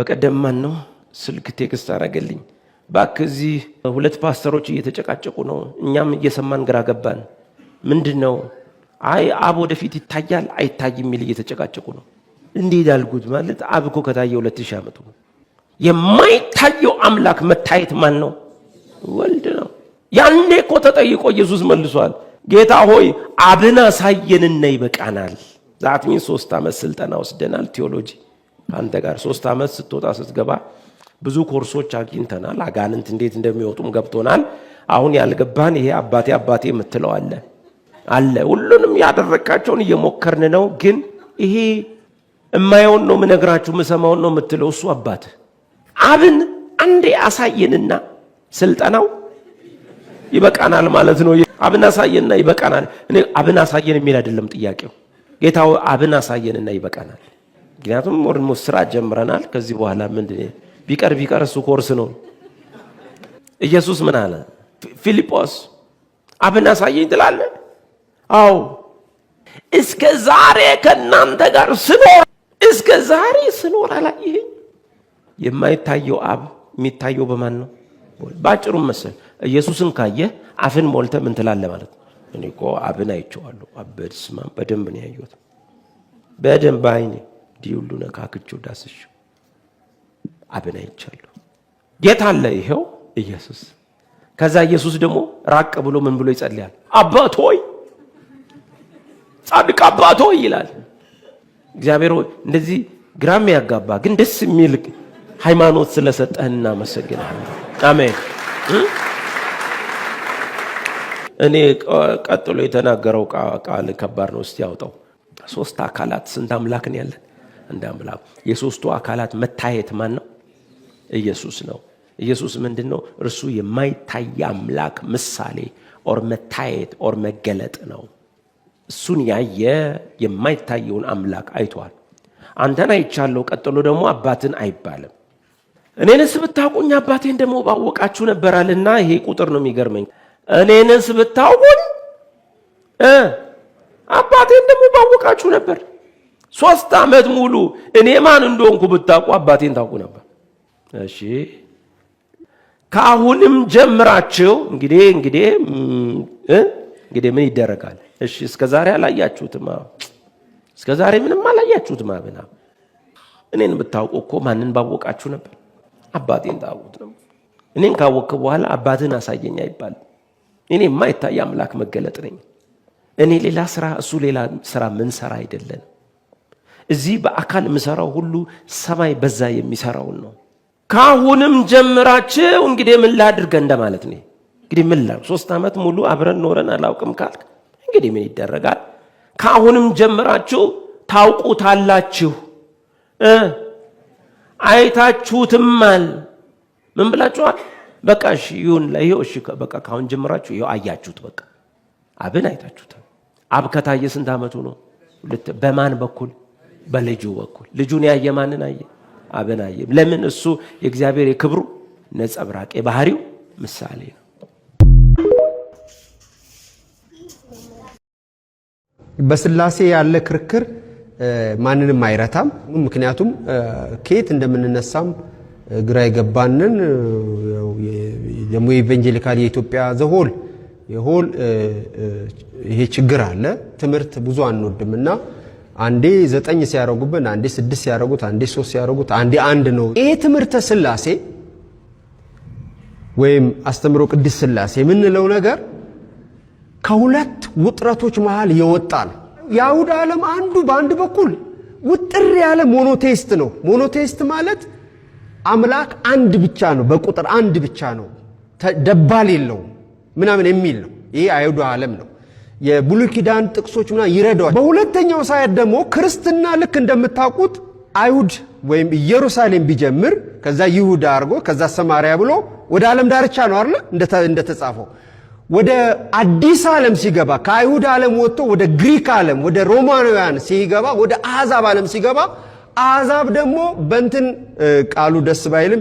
በቀደም ማን ነው ስልክ ቴክስት አረገልኝ፣ እባክህ እዚህ ሁለት ፓስተሮች እየተጨቃጨቁ ነው፣ እኛም እየሰማን ግራ ገባን። ምንድን ነው? አይ አብ ወደፊት ይታያል አይታይም የሚል እየተጨቃጨቁ ነው። እንዴት አልኩት። ማለት አብ እኮ ከታየ ሁለት ሺህ ዓመቱ የማይታየው አምላክ መታየት ማን ነው? ወልድ ነው። ያኔ እኮ ተጠይቆ ኢየሱስ መልሷል። ጌታ ሆይ አብን አሳየንና ይበቃናል። ዛትሚን ሶስት ዓመት ስልጠና ወስደናል ቴዎሎጂ ከአንተ ጋር ሶስት ዓመት ስትወጣ ስትገባ ብዙ ኮርሶች አግኝተናል። አጋንንት እንዴት እንደሚወጡም ገብቶናል። አሁን ያልገባን ይሄ አባቴ አባቴ የምትለው አለ አለ ሁሉንም ያደረግካቸውን እየሞከርን ነው፣ ግን ይሄ እማየውን ነው ምነግራችሁ ምሰማውን ነው የምትለው እሱ አባት አብን አንዴ አሳየንና ስልጠናው ይበቃናል ማለት ነው። አብን አሳየንና ይበቃናል። እኔ አብን አሳየን የሚል አይደለም ጥያቄው። ጌታ አብን አሳየንና ይበቃናል ምክንያቱም ኦልሞስት ስራ ጀምረናል። ከዚህ በኋላ ምንድን ቢቀር ቢቀር እሱ ኮርስ ነው። ኢየሱስ ምን አለ? ፊልጶስ አብን አሳየኝ ትላለ? አዎ እስከ ዛሬ ከእናንተ ጋር ስኖር እስከ ዛሬ ስኖር አላየኸኝ። የማይታየው አብ የሚታየው በማን ነው? በአጭሩም መሰል ኢየሱስን ካየ አፍን ሞልተ ምን ትላለ ማለት ነው። እኔ እኮ አብን አይቼዋለሁ። በስመ አብ በደንብ ነው ያየሁት፣ በደንብ በዓይኔ እንዲህ ሁሉ ነካክቼው ዳስሼው አብን አይቻለሁ። ጌታ አለ ይኸው ኢየሱስ። ከዛ ኢየሱስ ደግሞ ራቅ ብሎ ምን ብሎ ይጸልያል? አባት ሆይ ጻድቅ አባት ሆይ ይላል። እግዚአብሔር ሆይ እንደዚህ ግራም ያጋባ ግን ደስ የሚል ሃይማኖት ስለሰጠህን እናመሰግናለን። አሜን። እኔ ቀጥሎ የተናገረው ቃል ከባድ ነው። እስቲ ያውጣው። ሶስት አካላት ስንት አምላክን ያለን እንደ አምላክ የሶስቱ አካላት መታየት ማን ነው? ኢየሱስ ነው። ኢየሱስ ምንድን ነው? እርሱ የማይታይ አምላክ ምሳሌ ኦር መታየት ኦር መገለጥ ነው። እሱን ያየ የማይታየውን አምላክ አይቷል። አንተን አይቻለሁ፣ ቀጥሎ ደግሞ አባትን አይባልም። እኔንስ ብታውቁኝ አባቴን ደግሞ ባወቃችሁ ነበራልና። ይሄ ቁጥር ነው የሚገርመኝ። እኔንስ ብታውቁኝ አባቴን ደግሞ ባወቃችሁ ነበር ሶስት ዓመት ሙሉ እኔ ማን እንደሆንኩ ብታውቁ አባቴን ታውቁ ነበር። እሺ ከአሁንም ጀምራችሁ እንግዲህ እንግዲህ እንግዲህ ምን ይደረጋል? እሺ እስከ ዛሬ አላያችሁትማ፣ እስከ ዛሬ ምንም አላያችሁትማ። ብና እኔን ብታውቁ እኮ ማንን ባወቃችሁ ነበር? አባቴን ታውቁት ነበር። እኔን ካወቅክ በኋላ አባትህን አሳየኝ አይባልም። እኔ የማይታይ አምላክ መገለጥ ነኝ። እኔ ሌላ ስራ፣ እሱ ሌላ ስራ ምን ሰራ አይደለን እዚህ በአካል የምሰራው ሁሉ ሰማይ በዛ የሚሰራውን ነው። ካሁንም ጀምራችሁ እንግዲህ ምን ላድርገ እንደማለት ነው። እንግዲህ ምን ላ ሶስት ዓመት ሙሉ አብረን ኖረን አላውቅም ካልክ እንግዲህ ምን ይደረጋል? ካሁንም ጀምራችሁ ታውቁታላችሁ፣ አይታችሁትማል። ምን ብላችኋል? በቃ እሺ ይሁን ለይው፣ እሺ በቃ ካሁን ጀምራችሁ ይኸው አያችሁት። በቃ አብን አይታችሁታል። አብ ከታየ ስንት ዓመቱ ነው? በማን በኩል በልጁ በኩል ልጁን ያየ ማንን አየ? አብን አየ። ለምን? እሱ የእግዚአብሔር የክብሩ ነጸብራቅ የባህሪው ምሳሌ ነው። በስላሴ ያለ ክርክር ማንንም አይረታም። ምክንያቱም ከየት እንደምንነሳም ግራ የገባንን ደግሞ የኢቨንጀሊካል የኢትዮጵያ ዘሆል የሆል ይሄ ችግር አለ። ትምህርት ብዙ አንወድምና አንዴ ዘጠኝ ሲያረጉብን፣ አንዴ ስድስት ሲያረጉት፣ አንዴ ሶስት ሲያረጉት፣ አንዴ አንድ ነው። ይሄ ትምህርተ ስላሴ ወይም አስተምሮ ቅድስት ስላሴ የምንለው ነገር ከሁለት ውጥረቶች መሃል የወጣ ነው። የአይሁድ ዓለም አንዱ በአንድ በኩል ውጥር ያለ ሞኖቴስት ነው። ሞኖቴስት ማለት አምላክ አንድ ብቻ ነው፣ በቁጥር አንድ ብቻ ነው፣ ደባል የለውም ምናምን የሚል ነው። ይሄ አይሁድ ዓለም ነው። የብሉይ ኪዳን ጥቅሶች ምና ይረዳዋል። በሁለተኛው ሳያት ደግሞ ክርስትና ልክ እንደምታውቁት አይሁድ ወይም ኢየሩሳሌም ቢጀምር ከዛ ይሁዳ አድርጎ ከዛ ሰማሪያ ብሎ ወደ ዓለም ዳርቻ ነው አይደለ እንደተጻፈው ወደ አዲስ ዓለም ሲገባ ከአይሁድ ዓለም ወጥቶ ወደ ግሪክ ዓለም ወደ ሮማናውያን ሲገባ ወደ አሕዛብ ዓለም ሲገባ አሕዛብ ደግሞ በእንትን ቃሉ ደስ ባይልም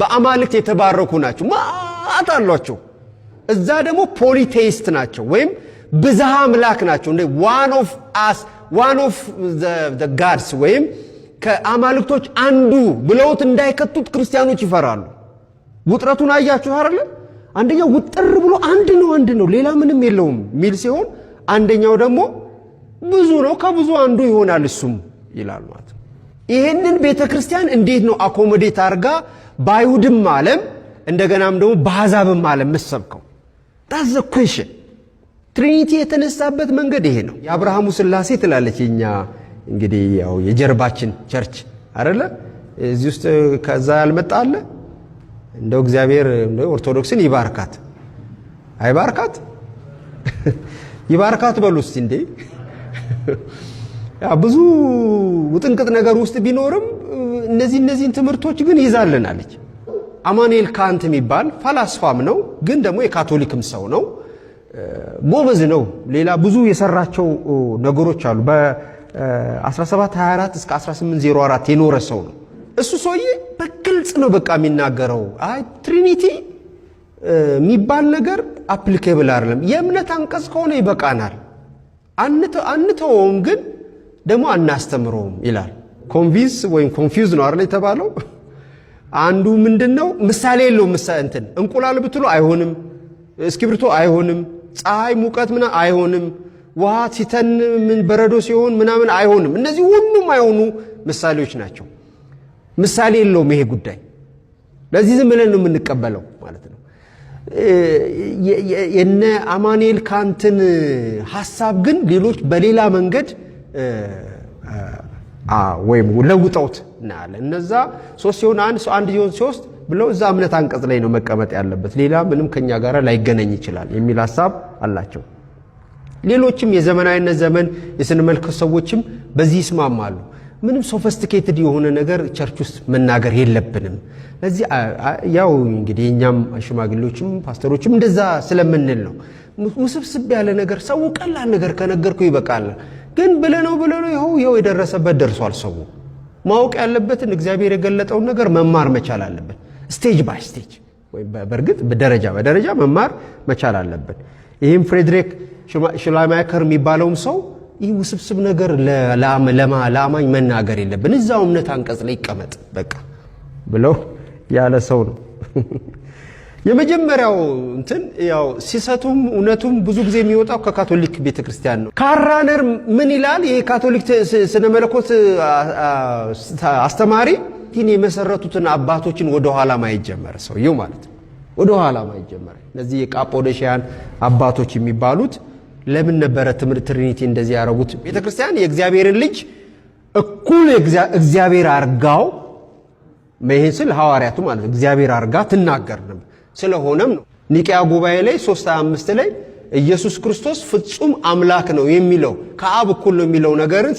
በአማልክት የተባረኩ ናቸው፣ ማት አሏቸው። እዛ ደግሞ ፖሊቴይስት ናቸው ወይም ብዝሃ አምላክ ናቸው። እንደ ዋን ኦፍ አስ ዋን ኦፍ ዘ ጋድስ ወይም ከአማልክቶች አንዱ ብለውት እንዳይከቱት ክርስቲያኖች ይፈራሉ። ውጥረቱን አያችሁ አይደለ? አንደኛው ውጥር ብሎ አንድ ነው አንድ ነው ሌላ ምንም የለውም ሚል ሲሆን፣ አንደኛው ደግሞ ብዙ ነው ከብዙ አንዱ ይሆናል እሱም ይላል ማለት ይህንን ቤተ ክርስቲያን እንዴት ነው አኮሞዴት አድርጋ በአይሁድም ዓለም እንደገናም ደግሞ በአሕዛብም ዓለም መሰብከው ዳዘ ኩዌሽን ትሪኒቲ የተነሳበት መንገድ ይሄ ነው። የአብርሃሙ ስላሴ ትላለች እኛ እንግዲህ ያው የጀርባችን ቸርች አይደለ? እዚህ ውስጥ ከዛ ያልመጣ አለ? እንደው እግዚአብሔር ኦርቶዶክስን ይባርካት አይባርካት ይባርካት በሉ እስቲ እንዴ! ብዙ ውጥንቅጥ ነገር ውስጥ ቢኖርም እነዚህ እነዚህን ትምህርቶች ግን ይዛልናለች። አማኑኤል ካንት የሚባል ፈላስፋም ነው፣ ግን ደግሞ የካቶሊክም ሰው ነው። ጎበዝ ነው። ሌላ ብዙ የሰራቸው ነገሮች አሉ። በ1724 እስከ 1804 የኖረ ሰው ነው። እሱ ሰውዬ በግልጽ ነው በቃ የሚናገረው። አይ ትሪኒቲ የሚባል ነገር አፕሊኬብል አይደለም። የእምነት አንቀጽ ከሆነ ይበቃናል፣ አንተወውም፣ ግን ደግሞ አናስተምረውም ይላል። ኮንቪንስ ወይም ኮንፊውዝ ነው አይደል የተባለው። አንዱ ምንድን ነው ምሳሌ የለው እንትን እንቁላል ብትሎ አይሆንም፣ እስክሪብቶ አይሆንም ፀሐይ ሙቀት ምና አይሆንም። ውሃ ሲተን ምን በረዶ ሲሆን ምናምን አይሆንም። እነዚህ ሁሉም አይሆኑ ምሳሌዎች ናቸው። ምሳሌ የለውም ይሄ ጉዳይ። ለዚህ ዝም ብለን ነው የምንቀበለው ማለት ነው። የነ አማኑኤል ካንትን ሀሳብ ግን ሌሎች በሌላ መንገድ ወይም ለውጠውት እናያለን። እነዛ ሶስት ሲሆን አንድ፣ አንድ ሲሆን ሶስት ብለው እዛ እምነት አንቀጽ ላይ ነው መቀመጥ ያለበት። ሌላ ምንም ከኛ ጋር ላይገናኝ ይችላል የሚል ሀሳብ አላቸው። ሌሎችም የዘመናዊነት ዘመን የስነ ሰዎችም በዚህ ይስማማሉ። ምንም ሶፈስቲኬትድ የሆነ ነገር ቸርች ውስጥ መናገር የለብንም። ለዚህ ያው እንግዲህ እኛም ሽማግሌዎችም ፓስተሮችም እንደዛ ስለምንል ነው። ውስብስብ ያለ ነገር ሰው ቀላል ነገር ከነገርኩ ይበቃል። ግን ብለነው ብለነው ይኸው ይኸው የደረሰበት ደርሷል። ሰው ማወቅ ያለበትን እግዚአብሔር የገለጠውን ነገር መማር መቻል አለበት። ስቴጅ ባይ ስቴጅ ወይም በእርግጥ በደረጃ በደረጃ መማር መቻል አለብን። ይህም ፍሬድሪክ ሽላማከር የሚባለውም ሰው ይህ ውስብስብ ነገር ለአማኝ መናገር የለብን እዛው እምነት አንቀጽ ላይ ይቀመጥ በቃ ብለው ያለ ሰው ነው። የመጀመሪያው እንትን ያው ሲሰቱም እውነቱም ብዙ ጊዜ የሚወጣው ከካቶሊክ ቤተክርስቲያን ነው። ካራነር ምን ይላል? የካቶሊክ ስነ መለኮት አስተማሪ ይህን የመሰረቱትን አባቶችን ወደኋላ ማይጀመር ሰውየው ማለት ነው። ወደኋላ ማይጀመር እነዚህ የቃጶዶሽያን አባቶች የሚባሉት ለምን ነበረ ትምህርት ትሪኒቲ እንደዚህ ያደረጉት? ቤተ ክርስቲያን የእግዚአብሔርን ልጅ እኩል እግዚአብሔር አርጋው ይህን ስል ሐዋርያቱ ማለት እግዚአብሔር አርጋ ትናገር ነበር። ስለሆነም ነው ኒቅያ ጉባኤ ላይ 325 ላይ ኢየሱስ ክርስቶስ ፍጹም አምላክ ነው የሚለው ከአብ እኩል ነው የሚለው ነገርን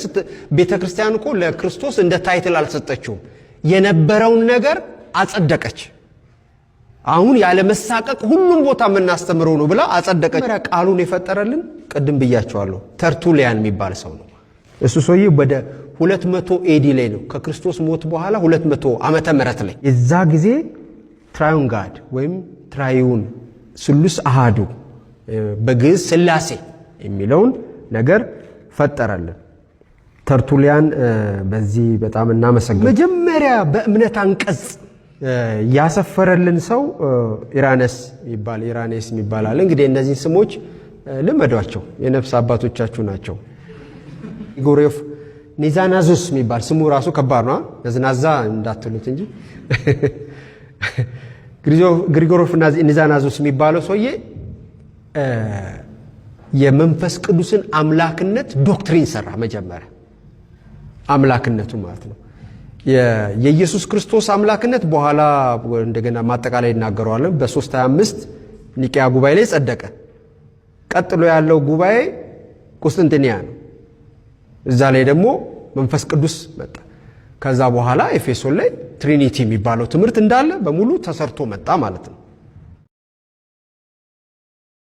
ቤተ ክርስቲያን እኮ ለክርስቶስ እንደ ታይትል አልሰጠችውም። የነበረውን ነገር አጸደቀች። አሁን ያለመሳቀቅ ሁሉም ቦታ የምናስተምረው ነው ብላ አጸደቀች። ቃሉን የፈጠረልን ቅድም ብያቸዋለሁ፣ ተርቱሊያን የሚባል ሰው ነው። እሱ ሰውዬ ወደ 200 ኤዲ ላይ ነው ከክርስቶስ ሞት በኋላ 200 ዓመተ ምህረት ላይ የዛ ጊዜ ትራዩን ጋድ ወይም ትራዩን ስሉስ አሃዱ በግዕዝ ስላሴ የሚለውን ነገር ፈጠረልን። ተርቱሊያን በዚህ በጣም እናመሰግናለን። መጀመሪያ በእምነት አንቀጽ ያሰፈረልን ሰው ኢራነስ ይባል ኢራኔስ የሚባል እንግዲህ እነዚህ ስሞች ልመዷቸው፣ የነፍስ አባቶቻችሁ ናቸው። ኢጎሬፍ ኒዛናዙስ የሚባል ስሙ ራሱ ከባድ ነው። ነዝናዛ እንዳትሉት እንጂ ግሪጎሮፍ ኒዛናዙስ የሚባለው ሰውዬ የመንፈስ ቅዱስን አምላክነት ዶክትሪን ሰራ መጀመሪያ አምላክነቱ ማለት ነው። የኢየሱስ ክርስቶስ አምላክነት በኋላ እንደገና ማጠቃላይ ይናገረዋለን። በ325 ኒቅያ ጉባኤ ላይ ጸደቀ። ቀጥሎ ያለው ጉባኤ ቁስጥንጥንያ ነው። እዛ ላይ ደግሞ መንፈስ ቅዱስ መጣ። ከዛ በኋላ ኤፌሶን ላይ ትሪኒቲ የሚባለው ትምህርት እንዳለ በሙሉ ተሰርቶ መጣ ማለት ነው።